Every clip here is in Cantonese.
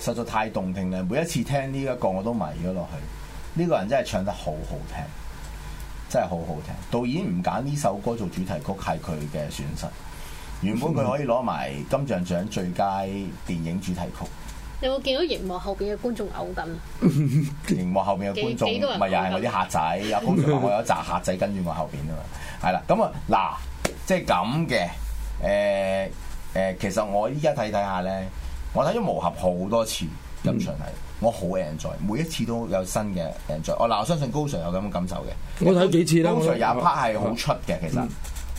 實在太動聽啦！每一次聽呢一個我都迷咗落去，呢個人真係唱得好好聽，真係好好聽。導演唔揀呢首歌做主題曲係佢嘅損失。原本佢可以攞埋金像獎最佳電影主題曲。有冇見到熒幕後邊嘅觀眾嘔緊？熒幕後邊嘅觀眾，唔係又係我啲客仔。有觀眾話：我有一紮客仔跟住我後邊啊嘛。係啦，咁啊嗱，即係咁嘅。誒誒，其實我依家睇睇下咧。我睇咗毛俠好多次，入場係我好 enjoy，每一次都有新嘅 enjoy。我嗱，我相信高 Sir 有咁嘅感受嘅。我睇幾次啦，高 Sir 廿拍係好出嘅，嗯、其實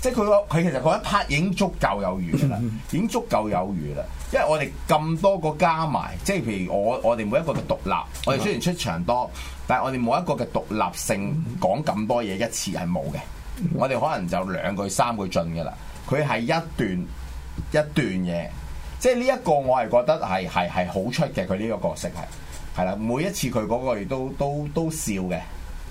即係佢個佢其實嗰一拍已經足夠有餘啦，已經足夠有餘啦。因為我哋咁多個加埋，即係譬如我我哋每一個嘅獨立，我哋雖然出場多，但係我哋每一個嘅獨立性講咁多嘢一次係冇嘅。我哋可能就兩句三句盡嘅啦。佢係一段一段嘢。即係呢一個，我係覺得係係係好出嘅，佢呢個角色係係啦，每一次佢嗰個亦都都都笑嘅，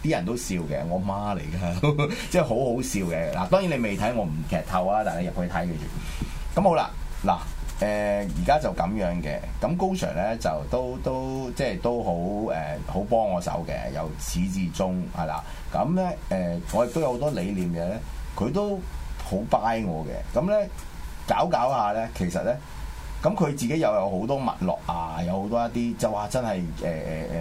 啲人都笑嘅，我媽嚟嘅， 即係好好笑嘅。嗱，當然你未睇我唔劇透啊，但你入去睇佢住。咁好啦，嗱誒，而、呃、家就咁樣嘅，咁高 Sir 咧就都都即係都好誒，好、呃、幫我手嘅，由始至終係啦。咁咧誒，我亦都有好多理念嘅咧，佢都好 buy 我嘅。咁咧搞搞下咧，其實咧～咁佢自己又有好多脈絡啊，有好多一啲就話真係，誒誒誒，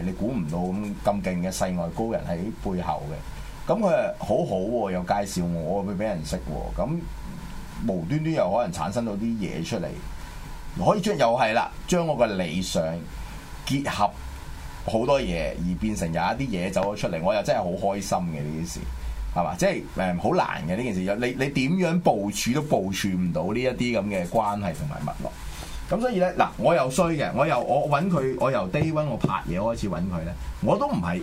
你估唔到咁咁勁嘅世外高人喺背後嘅。咁、嗯、佢好好、啊、喎，又介紹我去俾人識喎、啊。咁、嗯、無端端又可能產生到啲嘢出嚟，可以將又係啦，將我個理想結合好多嘢而變成有一啲嘢走咗出嚟，我又真係好開心嘅呢件事，係嘛？即係誒好難嘅呢件事，你你點樣部署都部署唔到呢一啲咁嘅關係同埋脈絡。咁所以咧，嗱，我又衰嘅，我又我揾佢，我由 day one 我拍嘢開始揾佢咧，我都唔係。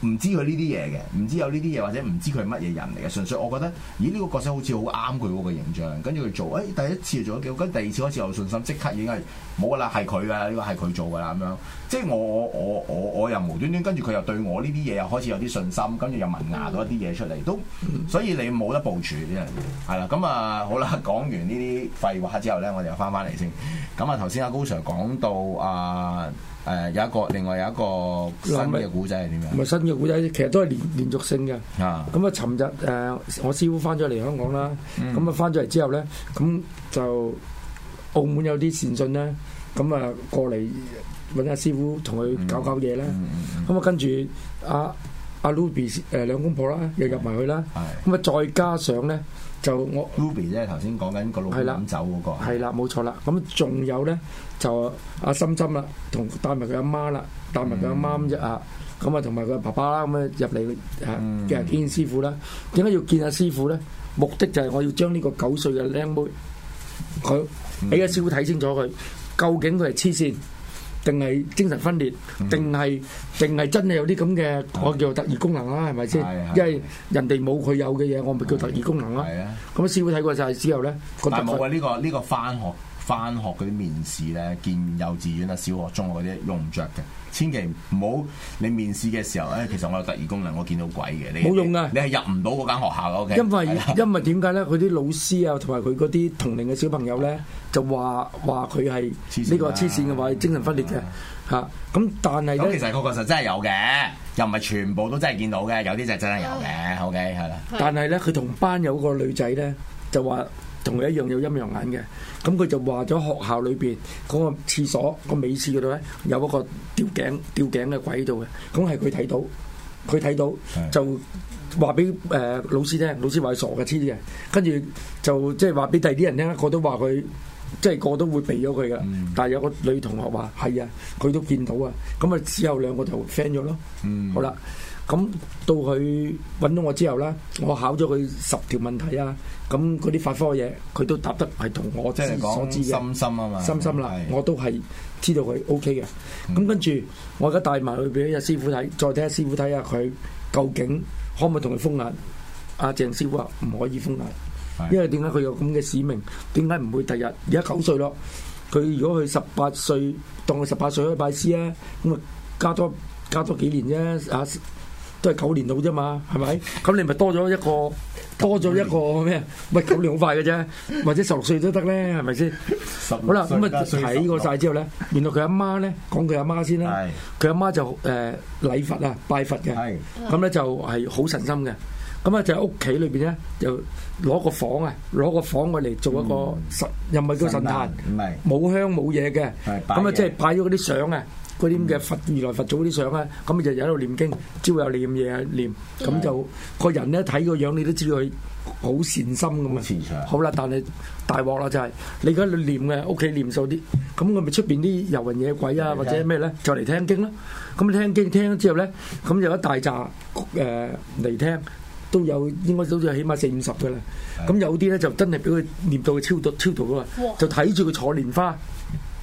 唔知佢呢啲嘢嘅，唔知有呢啲嘢或者唔知佢係乜嘢人嚟嘅，純粹我覺得，咦呢個角色好似好啱佢喎，個形象，跟住佢做，誒、哎、第一次做咗幾好，跟第二次開始有信心，即刻已經係冇㗎啦，係佢㗎，呢個係佢做㗎啦咁樣，即係我我我我又無端端跟住佢又對我呢啲嘢又開始有啲信心，跟住又萌芽到一啲嘢出嚟，都所以你冇得部署啲人，係啦，咁啊好啦，講完呢啲廢話之後咧，我哋又翻翻嚟先，咁啊頭先阿高 sir 講到啊。呃誒有一個，另外有一個新嘅古仔係點樣？唔係新嘅古仔，其實都係連連續性嘅。啊！咁啊，尋日誒，我師傅翻咗嚟香港啦。咁啊、嗯，翻咗嚟之後咧，咁就澳門有啲善信咧，咁啊過嚟揾阿師傅同佢搞搞嘢咧。咁、嗯嗯嗯嗯、啊，跟住阿。阿、啊、Ruby、呃、兩公婆啦，又入埋去啦，咁啊再加上咧就我 Ruby 咧頭先講緊個老公飲酒嗰個，係啦冇錯啦，咁仲有咧、嗯、就阿心心啦，同帶埋佢阿媽啦，帶埋佢阿媽一啫、嗯、啊，咁啊同埋佢爸爸啦咁樣入嚟啊，嘅、嗯、見師傅啦，點解要見阿師傅咧？目的就係我要將呢個九歲嘅僆妹，佢俾阿師傅睇清楚佢究竟佢係黐線。定係精神分裂，定係定係真係有啲咁嘅的我叫特異功能啦，係咪先？的因為人哋冇佢有嘅嘢，我咪叫特異功能咯。咁師傅睇過晒之後咧，但係冇啊！呢、呢個呢個翻、呢個呢個、學。翻學嗰啲面試咧，見幼稚園啊、小學中學嗰啲用唔著嘅，千祈唔好你面試嘅時候咧、哎，其實我有特異功能，我見到鬼嘅，你冇用噶，你係入唔到嗰間學校嘅、okay? 因為 因為點解咧？佢啲老師啊，同埋佢嗰啲同齡嘅小朋友咧，就話話佢係呢個黐線嘅，話精神分裂嘅嚇。咁 但係咧， 其實個確實真係有嘅，又唔係全部都真係見到嘅，有啲就真係有嘅，O K 係啦。但係咧，佢同班有個女仔咧，就話。同佢一樣有陰陽眼嘅，咁佢就話咗學校裏邊嗰個廁所個尾廁嗰度咧，有一個吊頸吊頸嘅鬼喺度嘅，咁係佢睇到，佢睇到就話俾誒老師聽，老師話係傻嘅痴嘅，跟住就即係話俾第二啲人聽，個都話佢即係個都會避咗佢噶，但係有個女同學話係啊，佢都見到啊，咁啊之後兩個就 friend 咗咯，好啦。咁到佢揾到我之後啦，我考咗佢十條問題啊。咁嗰啲法科嘢，佢都答得係同我知即係講深深啊嘛，深深啦，我都係知道佢 O K 嘅。咁跟住我而家帶埋去俾阿師傅睇，再睇下師傅睇下佢究竟可唔可以同佢封眼？阿鄭、嗯啊、師傅話唔可以封眼，的因為點解佢有咁嘅使命？點解唔會第日而家九歲咯？佢如果佢十八歲當佢十八歲可以拜師啊，咁啊加多加多幾年啫啊！啊都係九年到啫嘛，係咪？咁你咪多咗一個，多咗一個咩？唔係九年好快嘅啫，或者十六歲都得咧，係咪先？係好啦，咁啊睇過曬之後咧，原來佢阿媽咧講佢阿媽先啦。佢阿媽就誒禮佛啊，拜佛嘅。咁咧就係好誠心嘅。咁啊就喺屋企裏邊咧，就攞個房啊，攞個房過嚟做一個神，又唔係叫神壇，唔係冇香冇嘢嘅。咁啊即係擺咗嗰啲相啊。嗰啲咁嘅佛如來佛祖啲相啊，咁咪就喺度唸經，朝有念嘢念。咁就的個人咧睇個樣，你都知道佢好善心咁啊。善長。好啦，但係大鑊啦就係，是，你而家念嘅屋企念到啲，咁我咪出邊啲遊魂野鬼啊或者咩咧，就嚟聽經啦。咁聽經聽咗之後咧，咁有一大扎誒嚟聽，都有應該都有起碼四五十嘅啦。咁有啲咧就真係俾佢念到佢超，超度超度嘅嘛，的哇就睇住佢坐蓮花。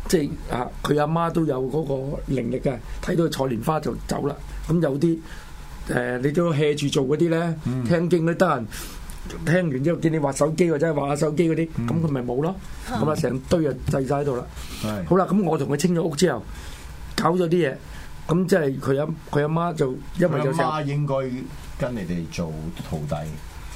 即係啊，佢阿媽都有嗰個靈力嘅，睇到佢坐蓮花就走啦。咁有啲誒、呃，你都 hea 住做嗰啲咧，嗯、聽經都得，人聽完之後見你畫手機，或者畫下手機嗰啲，咁佢咪冇咯。咁啊，成、嗯、堆啊，滯晒喺度啦。係。好啦，咁我同佢清咗屋之後，搞咗啲嘢，咁即係佢阿佢阿媽就因為阿媽應該跟你哋做徒弟。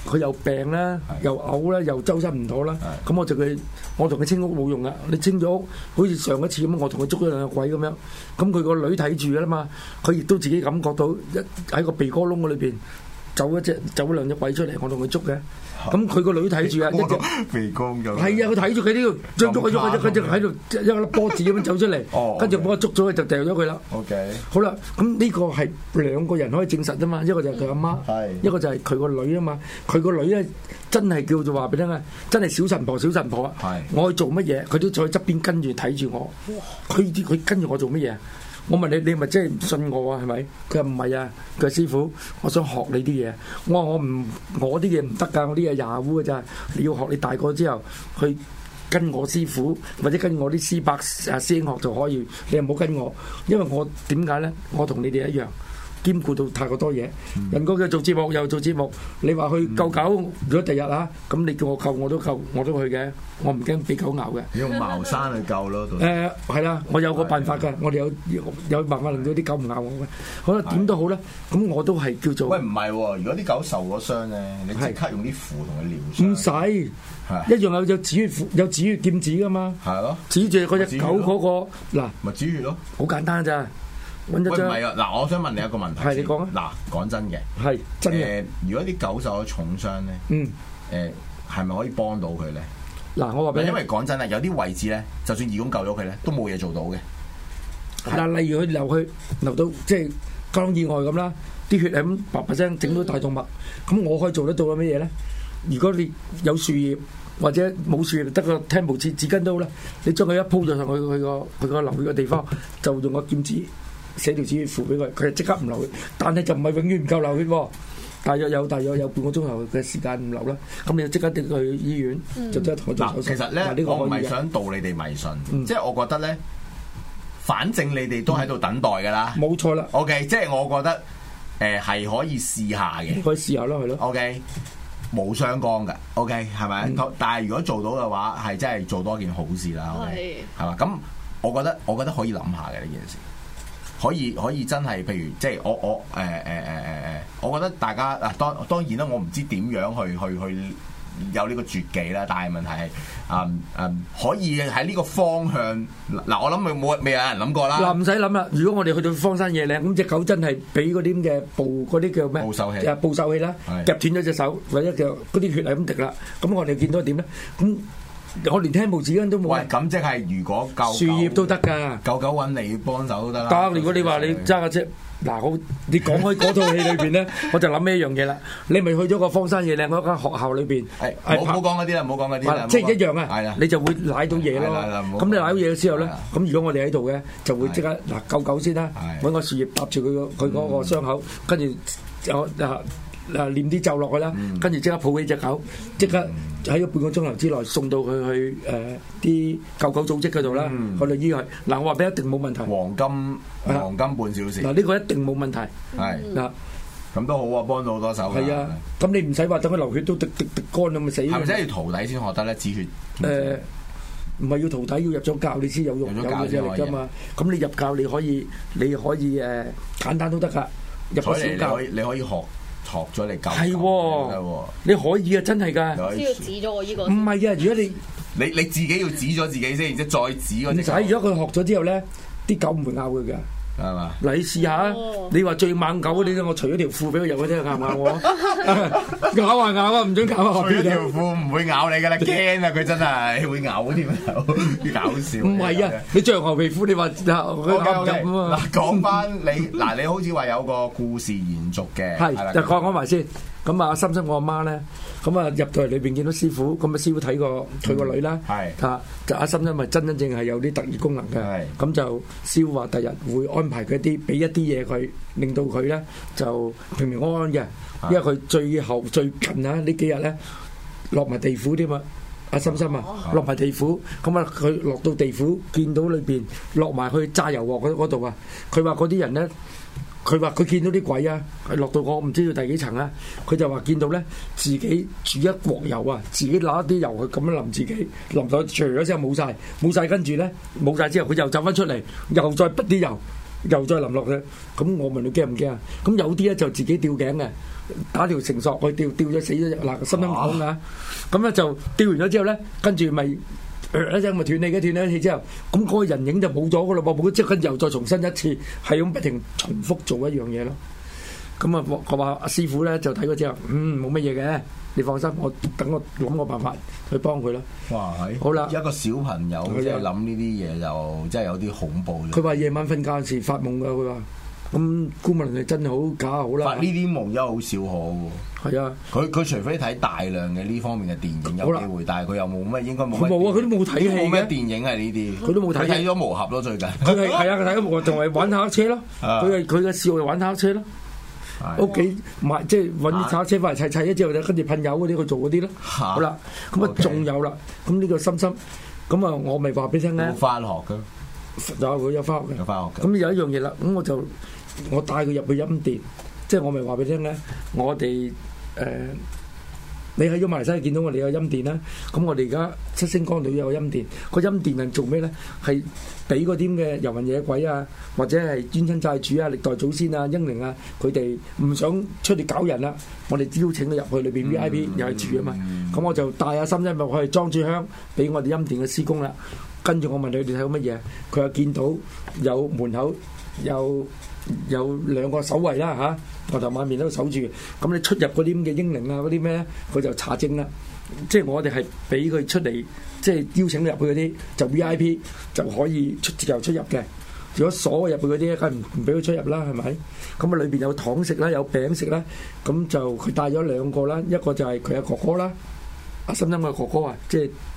佢又病啦，又嘔啦，又周身唔妥啦，咁的我就佢，我同佢清屋冇用啊。你清咗屋，好似上一次咁，我同佢捉咗兩個鬼咁樣。咁佢個女睇住噶啦嘛，佢亦都自己感覺到一喺個鼻哥窿嗰裏邊，走一隻，走一兩隻鬼出嚟，我同佢捉嘅。咁佢個女睇住啊，一隻微光咁。係啊， 佢睇住佢呢個，捉咗佢，佢佢只喺度，一個粒波子咁樣走出嚟。跟住幫我捉咗佢，就掉咗佢啦。OK 好。好、嗯、啦，咁、這、呢個係兩個人可以證實啊嘛，一個就係佢阿媽，係 一個就係佢個女啊嘛。佢個女咧真係叫做話俾你聽啊，真係小神婆，小神婆。係。 我去做乜嘢，佢都喺側邊跟住睇住我。佢啲佢跟住我做乜嘢？我問你，你咪真係唔信我啊？係咪？佢話唔係啊！佢話師傅，我想學你啲嘢。我話我唔，我啲嘢唔得㗎，我啲嘢廿污㗎咋。你要學你大個之後去跟我師傅，或者跟我啲師伯啊師兄學就可以。你又唔好跟我，因為我點解咧？我同你哋一樣。兼顧到太過多嘢，人講佢做節目又做節目，你話去救狗，如果第日啊，咁你叫我救我都救，我都去嘅，我唔驚俾狗咬嘅。你用茅山去救咯，誒係啦，我有個辦法噶，我哋有有辦法令到啲狗唔咬我嘅。好啦，點都好啦，咁我都係叫做。喂唔係，如果啲狗受咗傷咧，你即刻用啲符同佢療傷。唔使，一樣有有止血符，有止血劍指噶嘛。係咯，止住嗰隻狗嗰個嗱，咪止血咯，好簡單咋。喂，唔係啊！嗱，我想問你一個問題先。係你講啊！嗱，講真嘅，係真嘅、呃。如果啲狗受咗重傷咧，嗯，誒係咪可以幫到佢咧？嗱，我話俾你，因為講真啊，有啲位置咧，就算義工救咗佢咧，都冇嘢做到嘅。係喏喏例如佢流去，流到即係當意外咁啦，啲血係咁白白聲整到大動物咁，嗯、我可以做得到乜嘢咧？如果你有樹葉或者冇樹葉，得個聽毛紙紙巾都好，你將佢一鋪咗上去，佢個佢個流血嘅地方就用個劍紙。寫條紙符俾佢，佢即刻唔流血。但係就唔係永遠唔夠流血，大約有大約有半個鐘頭嘅時間唔流啦。咁你就即刻跌去醫院，嗯、就即刻嗱，其實呢個我唔係想導你哋迷信，嗯、即係我覺得咧，反正你哋都喺度等待㗎啦，冇、嗯、錯啦。OK，即係我覺得誒係、呃、可以試下嘅、嗯，可以試下咯，係咯、okay。OK，冇相干㗎。OK，係咪？但係如果做到嘅話，係真係做多件好事啦。係係嘛？咁、嗯嗯、我覺得我覺得，我覺得可以諗下嘅呢件事。可以可以真係，譬如即係我我誒誒誒誒誒，我覺得大家嗱，當當然啦，我唔知點樣去去去有呢個絕技啦，但係問題係誒誒，可以喺呢個方向嗱，我諗佢冇未有人諗過啦。嗱唔使諗啦，如果我哋去到荒山野嶺，咁隻狗真係俾嗰啲嘅暴嗰啲叫咩？捕獸器啊！捕獸器啦，夾斷咗隻手，或者叫嗰啲血係咁滴啦，咁我哋見到點咧？咁。我連聽報紙都冇。喂，咁即係如果救樹葉都得㗎，救狗揾你幫手都得啦。得，如果你話你揸嘅啫。嗱，我你講開嗰套戲裏邊咧，我就諗起一樣嘢啦。你咪去咗個荒山野嶺嗰間學校裏邊，唔好講嗰啲啦，唔好講嗰啲啦。即係一樣啊，你就會舐到嘢咯。咁你舐到嘢嘅時候咧，咁如果我哋喺度嘅，就會即刻嗱救狗先啦。揾個樹葉搭住佢個佢嗰個傷口，跟住有有。.嗱，唸啲咒落去啦，跟住即刻抱起隻狗，即刻喺個半個鐘頭之內送到佢去誒啲救狗組織嗰度啦，去到醫院。嗱，我話俾一定冇問題。黃金黃金，半小時。嗱，呢個一定冇問題。係嗱，咁都好啊，幫到好多手㗎。係啊，咁你唔使話等佢流血都滴滴滴乾咁咪死。係咪真係要徒弟先學得咧止血？誒，唔係要徒弟要入咗教你先有用有嘅嘢㗎嘛？咁你入教你可以你可以誒簡單都得㗎。入教你可以學。學咗嚟救係喎，哦、可你可以啊，真係㗎，只要指咗我呢個，唔係啊，如果你你你自己要指咗自己先，然用之後再指嗰隻。唔使，如果佢學咗之後咧，啲狗唔會咬佢㗎。係嘛？嗱，你試下，你話最猛狗，你等我除咗條褲俾佢入去先，咬唔咬我？咬啊咬啊，唔准搞啊！除條褲唔會咬你噶啦，驚啊！佢真係會咬添啊，搞笑！唔係啊，你着牛皮褲，你話我咬唔啊，嗱，講翻你，嗱，你好似話有個故事延續嘅，係 就講埋先。咁啊，深深，深我，我阿媽咧。咁、嗯、啊，入到嚟裏邊見到師傅，咁啊師傅睇過佢個女啦，嚇就阿心心咪真真正係有啲特異功能嘅，咁是就師傅話第日會安排佢啲俾一啲嘢佢，令到佢咧就平平安安嘅，是因為佢最後最近啊幾呢幾日咧落埋地府添啊，阿心心啊落埋地府，咁啊佢落到地府見、啊啊、到裏邊落埋去炸油鑊嗰度啊，佢話嗰啲人咧。佢話佢見到啲鬼啊！落到我唔知要第幾層啊！佢就話見到咧自己煮一鍋油啊，自己攞一啲油去咁樣淋自己淋咗，除咗之後冇晒，冇晒跟住咧冇晒之後，佢又走翻出嚟，又再不啲油，又再淋落去。咁我問你驚唔驚啊？咁有啲咧就是、自己吊頸嘅，打條繩索去吊吊咗死咗，嗱心心口㗎、啊。咁咧就吊完咗之後咧，跟住咪、就是。一聲咪斷你嘅，斷咗氣之後，咁嗰個人影就冇咗嘅咯噃，咁即刻又再重新一次，係咁不停重複做一樣嘢咯。咁啊，我話阿師傅咧就睇咗之後，嗯，冇乜嘢嘅，你放心，我等我諗個辦法去幫佢咯。哇，好啦，了，一個小朋友佢諗呢啲嘢就，就，就真係有啲恐怖。佢話夜晚瞓覺時發夢噶，佢話。咁顧問係真好假好啦？發呢啲夢休好少可喎。係啊，佢佢除非睇大量嘅呢方面嘅電影有機會，但係佢又冇咩應該冇。佢冇啊，佢都冇睇戲咩電影係呢啲，佢都冇睇。睇咗毛俠咯，最近。佢係啊，佢睇咗磨，仲係玩下車咯。佢係佢嘅事，係玩下車咯。屋企買即係搵啲卡車翻嚟砌砌咗之後跟住噴油嗰啲，去做嗰啲咯。好啦，咁啊仲有啦，咁呢個心心，咁啊，我咪話俾你聽咧。冇翻學噶，又會有翻學嘅。有翻學嘅。咁有一樣嘢啦，咁我就。我帶佢入去陰殿，即係我咪話俾你聽咧。我哋誒，你喺咗馬來西見到我哋有陰殿啦。咁我哋而家七星崗裏有個陰殿，個陰殿係做咩咧？係俾嗰啲嘅遊魂野鬼啊，或者係冤親債主啊、歷代祖先啊、嬰靈啊，佢哋唔想出嚟搞人啦。我哋邀請佢入去裏邊 V I P 又係住啊嘛。咁我就帶阿心，因為我係裝住香俾我哋陰殿嘅施工啦。跟住我問佢：你睇到乜嘢？佢話見到有門口有。有兩個守衛啦嚇，額、啊、頭晚面都守住，咁你出入嗰啲咁嘅英靈啊嗰啲咩，佢就查證啦。即係我哋係俾佢出嚟，即係邀請入去嗰啲就 V I P 就可以出自由出入嘅。如果鎖入去嗰啲，梗係唔唔俾佢出入啦，係咪？咁啊，裏邊有糖食啦，有餅食啦，咁就佢帶咗兩個啦，一個就係佢阿哥哥啦，阿心心嘅哥哥啊，即係。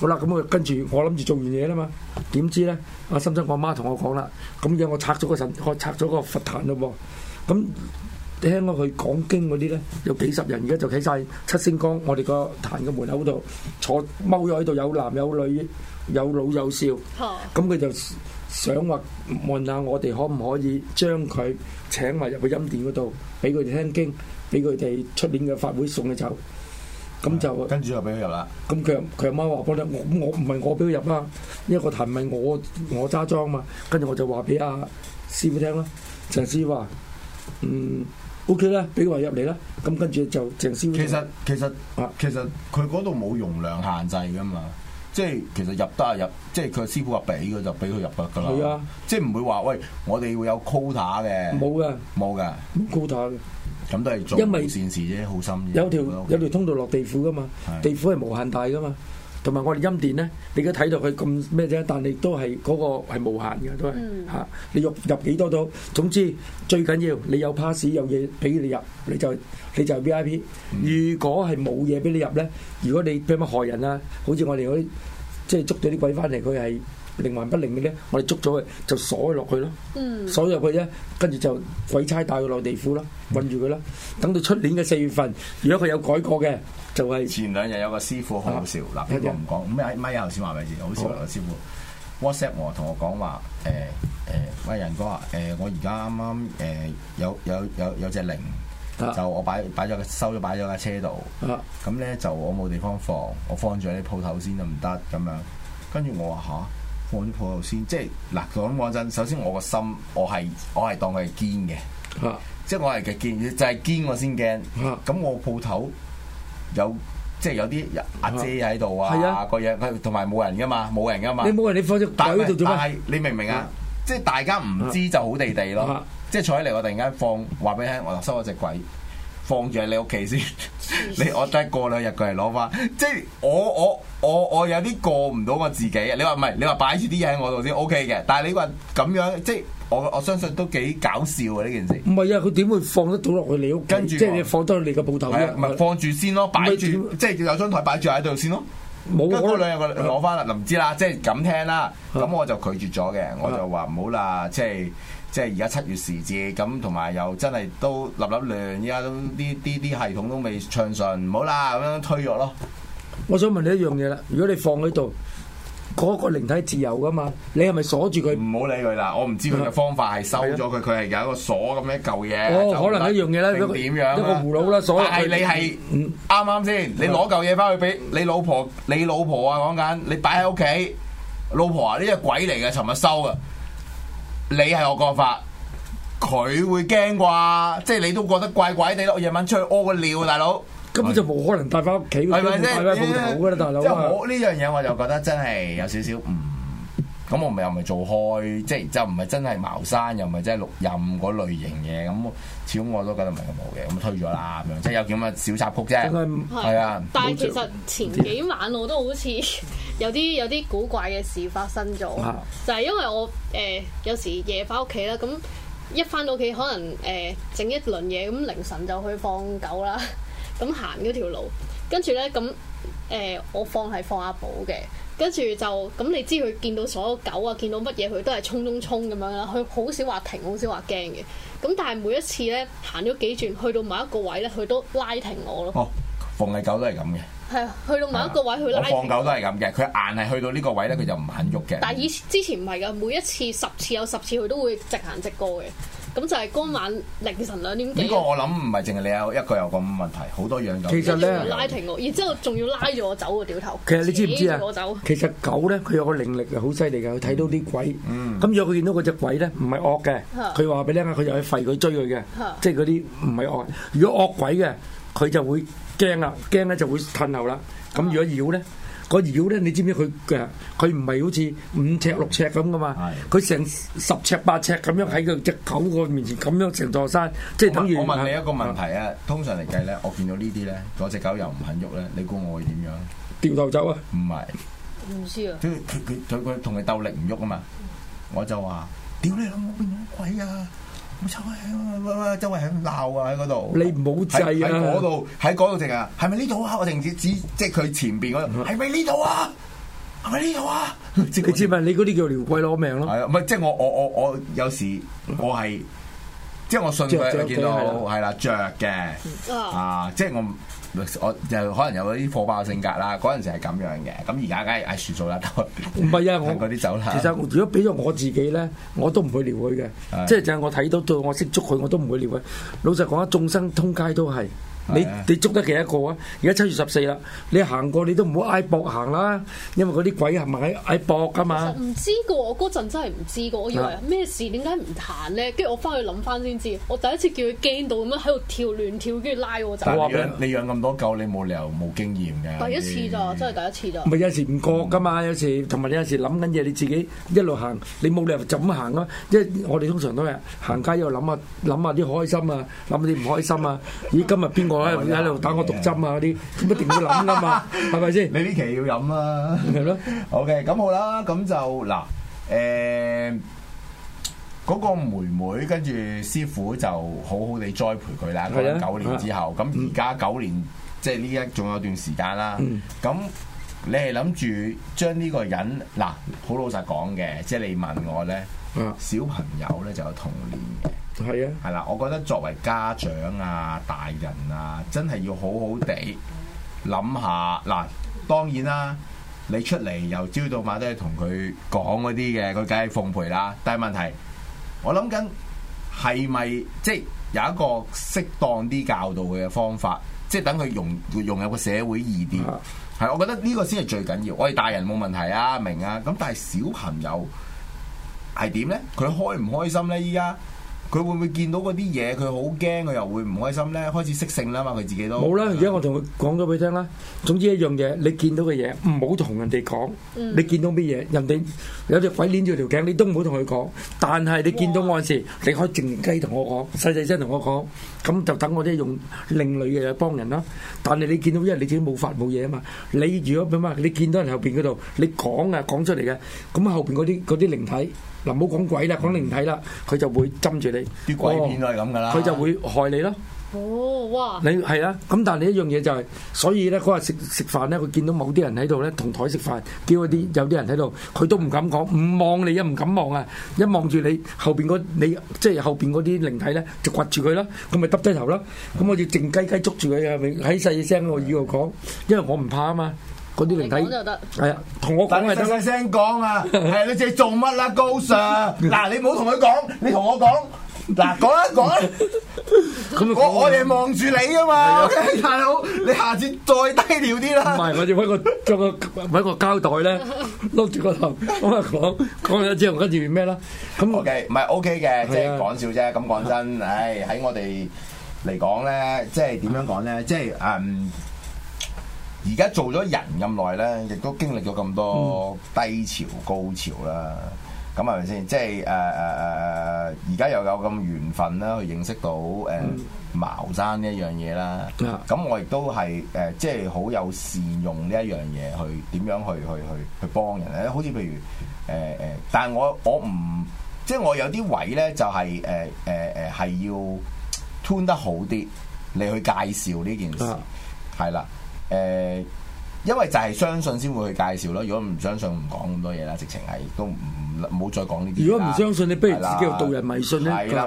好啦，咁我跟住，我諗住做完嘢啦嘛，點知咧、啊？阿深圳，我媽同我講啦，咁樣我拆咗個神，我拆咗個佛壇嘞噃。咁聽講佢講經嗰啲咧，有幾十人而家就企晒七星崗我哋個壇嘅門口度，坐踎咗喺度，有男有女，有老有少。哦。咁佢就想話問下我哋可唔可以將佢請埋入去陰殿嗰度，俾佢哋聽經，俾佢哋出年嘅法會送佢走。咁就跟住就俾佢入啦。咁佢佢阿媽話：我咧，我唔係我俾佢入啦，因為個壇係我我揸莊嘛。跟住我就話俾阿師傅聽咯。鄭師傅話：嗯，O K 啦，俾、okay、佢入嚟啦。咁跟住就鄭師傅其，其實其實啊，其實佢嗰度冇容量限制噶嘛。即係其實入得啊入，即係佢師傅話俾，佢就俾佢入噶啦。係、嗯、是啊即，即係唔會話喂，我哋會有 quota 嘅。冇噶的，冇噶的，冇 quota 嘅。咁都係做好善事啫，好心有條深有條通道落地府噶嘛，是的 地府係無限大噶嘛，同埋我哋陰殿咧，你都睇到佢咁咩啫，但係都係嗰、嗰個係無限嘅都係嚇、嗯啊，你入入幾多都，總之最緊要你有 pass 有嘢俾你入，你就你就 VIP。如果係冇嘢俾你入咧，如果你俾乜害人啊，好似我哋嗰啲即係捉咗啲鬼翻嚟，佢係。靈魂不靈嘅咧，我哋捉咗佢就鎖落去咯，鎖入去啫，跟住就鬼差帶佢落地府啦，困住佢啦。等到出年嘅四月份，如果佢有改過嘅，就係前兩日有個師傅好笑，嗱呢個唔講，咩咩人先話咪先，好笑個師傅 WhatsApp 我，同我講話誒誒，喂仁哥誒，我而家啱啱誒有有有有隻靈，就我擺擺咗收咗擺咗架車度，咁咧就我冇地方放，我放住喺鋪頭先得唔得咁樣，跟住我話嚇。放啲鋪頭先，即係嗱講真。首先我個心，我係我係當佢係堅嘅，啊、即係我係嘅堅，就係、是、堅我先驚。咁、啊、我鋪頭有即係有啲阿姐喺度啊，個嘢佢同埋冇人噶嘛，冇人噶嘛。你冇人你放隻大喺度做乜？但係你明唔明啊？啊即係大家唔知就好地地咯。即係坐喺嚟，我突然間放話俾你聽，我收咗隻鬼。放住喺你屋企先， 你我得過兩日佢嚟攞返，即係我我我我有啲過唔到我自己啊！你話唔係，你話擺住啲嘢喺我度先 OK 嘅，但係你話咁樣，即係我我相信都幾搞笑啊呢件事。唔係啊，佢點會放得到落去你屋企？跟住即係放得喺你個鋪頭咩？唔係、啊、是放住先咯，擺住即係有張台擺住喺度先咯。跟嗰兩日我攞翻啦，就唔知啦，即係咁聽啦。咁我就拒絕咗嘅，我就話唔好啦，即係即係而家七月時節，咁同埋又真係都立立亂，而家都啲啲啲系統都未暢順，唔好啦，咁樣推咗咯。我想問你一樣嘢啦，如果你放喺度？嗰個靈體自由噶嘛？你係咪鎖住佢？唔好理佢啦！我唔知佢嘅方法係收咗佢，佢係的有一個鎖咁嘅一嚿嘢。哦，就可能一樣嘢咧，點樣啊？一個葫蘆啦，所以但係你係啱啱先，你攞嚿嘢翻去俾你老婆，你老婆啊講緊，你擺喺屋企，老婆啊，呢隻鬼嚟嘅，尋日收嘅，你係我講法，佢會驚啩，即係你都覺得怪怪地咯。我夜晚出去屙個尿，大佬。根本就冇可能帶翻屋企，係咪先？啊、是是大佬哥。即我呢樣嘢，我就覺得真係有少少唔咁，嗯、我唔又唔係做開，即係又唔係真係茅山，又唔係真係六壬嗰類型嘢。咁，始終我都覺得唔係咁好嘅，咁推咗啦咁樣。即、就、係、是、有叫乜小插曲啫，係、就是、啊。啊但係其實前幾晚我都好似有啲有啲古怪嘅事發生咗， 就係因為我誒有時夜翻屋企啦，咁一翻到屋企可能誒整、呃、一輪嘢，咁凌晨就去放狗啦。 咁行嗰條路，跟住咧咁誒，我放係放阿寶嘅，跟住就咁、嗯、你知佢見到所有狗啊，見到乜嘢佢都係衝衝衝咁樣啦，佢好少話停，好少話驚嘅。咁但係每一次咧行咗幾轉，去到某一個位咧，佢都拉停我咯。哦，逢係狗都係咁嘅。係啊，去到某一個位佢拉。放狗都係咁嘅，佢硬係去到呢個位咧，佢就唔肯喐嘅。但係以之前唔係噶，每一次十次有十次佢都會直行直過嘅。咁就係嗰晚凌晨兩點幾？呢個我諗唔係淨係你有一個有個問題，好多樣咁。其實咧，拉停我，然之後仲要拉住我走個掉頭。其實你知唔知啊？我走其實狗咧，佢有個靈力好犀利嘅。佢睇到啲鬼，咁、嗯、如果佢見到嗰隻鬼咧，唔係惡嘅，佢話俾你聽，佢就去吠佢追佢嘅，嗯、即係嗰啲唔係惡。如果惡鬼嘅，佢就會驚啦，驚咧就會褪後啦。咁如果妖咧？個妖咧，你知唔知佢嘅？佢唔係好似五尺六尺咁噶嘛，佢成十尺八尺咁樣喺個隻狗個面前咁樣成座山，即係等於我問，我問你一個問題啊。吧通常嚟計咧，我見到呢啲咧，嗰隻狗又唔肯喐咧，你估我會點樣？掉頭走啊！唔係唔知啊！佢佢佢同佢鬥力唔喐啊嘛，我就話：屌你老母邊個鬼啊！周圍喺度鬧啊！喺嗰度，你唔好啊！喺嗰度，喺嗰度成啊。係咪呢度啊？我停止，指，即係佢前邊嗰度，係咪呢度啊？係咪呢度啊？直接問你嗰啲我叫撩鬼攞命咯。係 啊，唔係即係我我我我有時我係，即係我信佢見到係啦，着嘅啊，即係我。我就可能有啲火爆性格啦，嗰陣時係咁樣嘅，咁而家梗係挨樹做啦，唔係啊，我嗰啲走啦。啊、其實如果俾咗我自己咧，我都唔會撩佢嘅，即係的就係我睇到到我識捉佢，我都唔會撩佢。老實講，眾生通街都係。你你捉得幾多個啊？而家七月十四啦，你行過你都唔好挨膊行啦，因為嗰啲鬼係咪喺挨膊噶嘛？其實唔知噶，我嗰陣真係唔知噶，我以為咩事？點解唔彈咧？跟住我翻去諗翻先知，我第一次叫佢驚到咁樣喺度跳亂跳，跟住拉我走。我話畀你，你養咁多狗，你冇理由冇經驗嘅。第一次咋，真係第一次咋。唔係有時唔覺噶嘛，有時同埋你有時諗緊嘢，你自己一路行，你冇理由就咁行咯。即係我哋通常都係行街又諗下諗下啲開心啊，諗下啲唔開心啊。咦，今日邊？我喺度打我毒針啊！嗰啲一定去諗噶嘛，係咪先？ 是是你呢期要飲啊，係咯、 okay。OK，咁好啦，咁就嗱誒，嗰、欸那個妹妹跟住師傅就好好地栽培佢啦。係啊的，九年之後，咁而家九年，嗯、即係呢一，仲有段時間啦。咁、嗯、你係諗住將呢個人嗱，好老實講嘅，即、就、係、是、你問我咧，嗯、小朋友咧就有童年。係啊，係啦，我覺得作為家長啊、大人啊，真係要好好地諗下嗱。當然啦，你出嚟由朝到晚都係同佢講嗰啲嘅，佢梗係奉陪啦。但係問題，我諗緊係咪即係有一個適當啲教導佢嘅方法，即係等佢融融入個社會易啲。係的，我覺得呢個先係最緊要。我哋大人冇問題啊，明啊。咁但係小朋友係點呢？佢開唔開心呢？依家？佢會唔會見到嗰啲嘢？佢好驚，佢又會唔開心咧？開始識性啦嘛，佢自己都冇啦。而家了的我同佢講咗俾你聽啦。總之一樣嘢，你見到嘅嘢唔好同人哋講。嗯、你見到咩嘢？人哋有隻鬼捏住條頸，你都唔好同佢講。但係你見到我時，你可以靜雞同我講，細細聲同我講。咁就等我即係，用另類嘅嘢幫人啦。但係你見到，因為你自己冇法冇嘢啊嘛。你如果咁啊，你見到人後邊嗰度，你講啊講出嚟嘅，咁後邊啲嗰啲靈體。嗱，唔好講鬼啦，講靈體啦，佢就會針住你。啲鬼片都係咁噶啦，佢就會害你咯。哦，哇！你係啦，咁、啊、但係你一樣嘢就係、是，所以咧嗰日食食飯咧，佢見到某啲人喺度咧同台食飯，叫嗰啲有啲人喺度，佢都唔敢講，唔望你一唔敢望啊，一望住你後邊嗰你即係後邊啲靈體咧，就掘住佢啦，咁咪耷低頭啦，咁我要靜雞雞捉住佢，係喺細聲嘅語度講，因為我唔怕啊嘛。嗰啲靈體，係啊，同我講係得。但你細細聲講啊，誒，你即係做乜啦，高 Sir？嗱，你唔好同佢講，你同我講，嗱，講一講。咁我我哋望住你啊嘛，大佬，你下次再低調啲啦。唔係，我哋揾個將個揾個膠袋咧，碌住個頭咁啊講講咗之後，跟住咩啦？咁 OK，唔係 OK 嘅，即係講笑啫。咁講真，誒喺我哋嚟講咧，即係點樣講咧？即係嗯。而家做咗人咁耐咧，亦都經歷咗咁多低潮高潮啦。咁係咪先？即係誒誒誒誒，而、呃、家又有咁緣分啦，去認識到誒、呃、茅山呢一、嗯、樣嘢啦。咁我亦都係誒，即係好有善用呢一樣嘢去點樣去去去去幫人咧。好似譬如誒誒、呃，但係我我唔即係我有啲位咧、就係，就係誒誒誒，係、呃呃、要 tune 得好啲你去介紹呢件事，係啦、嗯吧。誒、嗯，因為就係相信先會去介紹咯。如果唔相信，唔講咁多嘢啦，直情係都唔好再講呢啲。如果唔相信，你不如自己去度人迷信咧。啦，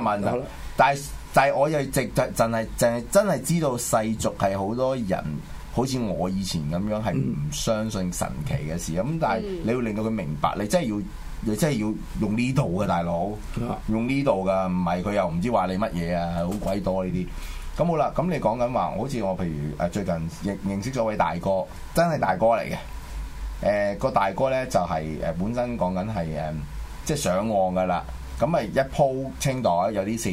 但係但係，我又直就淨係淨係真係知道世俗係好多人，好似我以前咁樣係唔、嗯、相信神奇嘅事咁。但係你會令到佢明白，你真係要、嗯、你真係要用呢度嘅大佬，用呢度噶，唔係佢又唔知話你乜嘢啊，係好鬼多呢啲。咁好啦，咁你講緊話，好似我譬如誒最近認認識咗位大哥，真係大哥嚟嘅。誒、呃那個大哥呢，就係、是、誒本身講緊係誒即係上岸噶啦，咁咪一鋪清袋有啲事。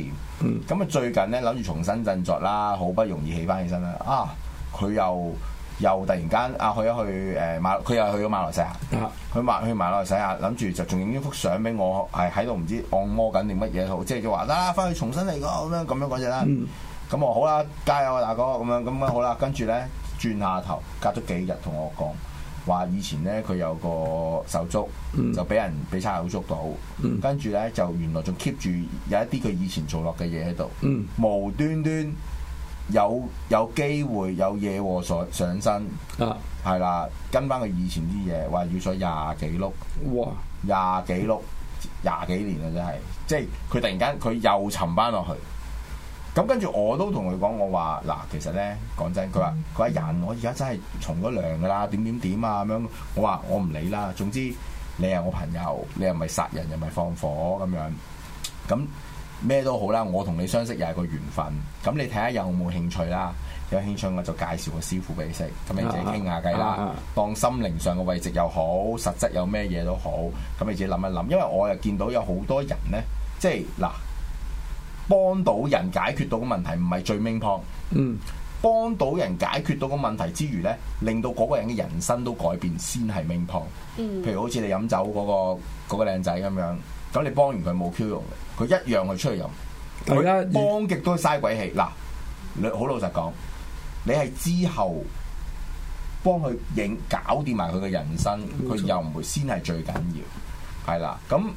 咁啊最近呢，諗住重新振作啦，好不容易起翻起身啦，啊佢又又突然間啊去一去誒馬，佢、呃、又去咗馬來西亞。佢、嗯啊、去馬去馬來西亞，諗住就仲影咗幅相俾我，係喺度唔知按摩緊定乜嘢好，即係佢話得啦，翻去重新嚟過咁樣咁樣嗰隻啦。嗯咁我好啦，加油啊，大哥咁樣咁樣，好啦，跟住咧轉下頭，隔咗幾日同我講話，以前咧佢有個手足就俾人俾差佬捉到，跟住咧就原來仲 keep 住有一啲佢以前做落嘅嘢喺度，嗯、無端端有有機會有嘢上上身啊，係啦，跟翻佢以前啲嘢話要咗廿幾碌哇，廿幾碌廿幾年啊真係，即係佢突然間佢又沉翻落去。咁跟住我都同佢講，我話嗱，其實呢，講真，佢話佢話人我了了，我而家真係從咗良噶啦，點點點啊咁樣。我話我唔理啦，總之你係我朋友，你又唔係殺人又唔係放火咁樣，咁咩都好啦。我同你相識又係個緣分，咁你睇下有冇興趣啦。有興趣我就介紹個師傅俾你識，咁你自己傾下偈啦。當心靈上嘅位置又好，實質有咩嘢都好，咁你自己諗一諗，因為我又見到有好多人呢，即係嗱。幫到人解決到個問題唔係最命磅，嗯，幫到人解決到個問題之餘呢，令到嗰個人嘅人生都改變先係命磅。嗯，譬如好似你飲酒嗰個嗰個靚仔咁樣，咁你幫完佢冇 Q 用，佢一樣去出去飲，佢幫極都嘥鬼氣。嗱，你好老實講，你係之後幫佢影搞掂埋佢嘅人生，佢又唔會先係最緊要。錯係啦，咁誒誒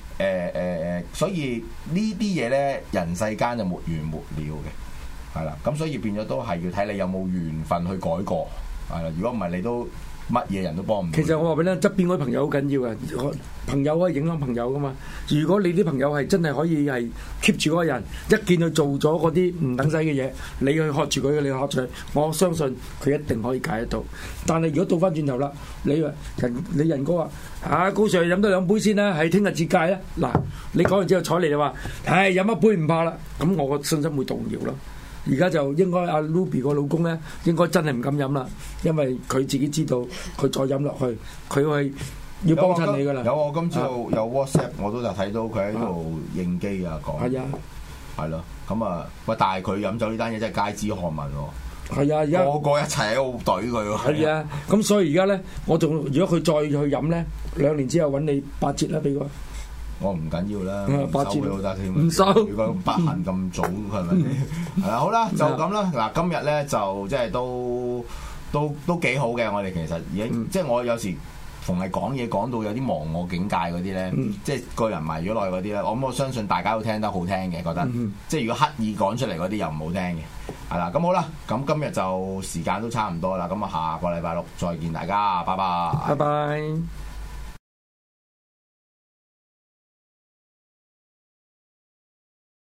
誒，所以呢啲嘢咧，人世間就沒完沒了嘅，係啦，咁所以變咗都係要睇你有冇緣分去改過，係啦，如果唔係你都。乜嘢人都幫唔到。其實我話俾你聽，側邊嗰啲朋友好緊要嘅，朋友可以影響朋友噶嘛。如果你啲朋友係真係可以係 keep 住嗰個人，一見佢做咗嗰啲唔等使嘅嘢，你去喝住佢，你去喝住佢，我相信佢一定可以戒得到。但係如果倒翻轉頭啦，你話人你仁哥話啊，啊高 Sir 飲多兩杯先啦，啊，係聽日節戒啦，啊。嗱，你講完之後采妮就話，唉飲一杯唔怕啦，咁我個信心會動搖咯。而家就應該阿 Ruby 個老公咧，應該真係唔敢飲啦，因為佢自己知道，佢再飲落去，佢係要幫襯你噶啦。有我今朝有，啊，有 WhatsApp，我都就睇到佢喺度應機啊講。係啊，咪咯說，咁啊的，喂！但係佢飲酒呢單嘢真係街知巷聞咗。係啊，而家個個一齊喺度懟佢。係啊，咁所以而家咧，我仲如果佢再去飲咧，兩年之後揾你八折啦，俾佢。我唔緊要啦，嗯、收幾好得添。如果不，不幸咁 早，佢係咪？係啦，好啦，就咁啦。嗱，今日咧就即係都都都幾好嘅。我哋其實而家、嗯、即係我有時同你講嘢講到有啲忘我境界嗰啲咧，嗯、即係個人迷咗耐嗰啲咧。我我相信大家都聽得好聽嘅，覺得、嗯、即係如果刻意講出嚟嗰啲又唔好聽嘅。係啦，咁好啦，咁、嗯、今日就時間都差唔多啦。咁啊，下個禮拜六再見大家，拜拜，拜拜。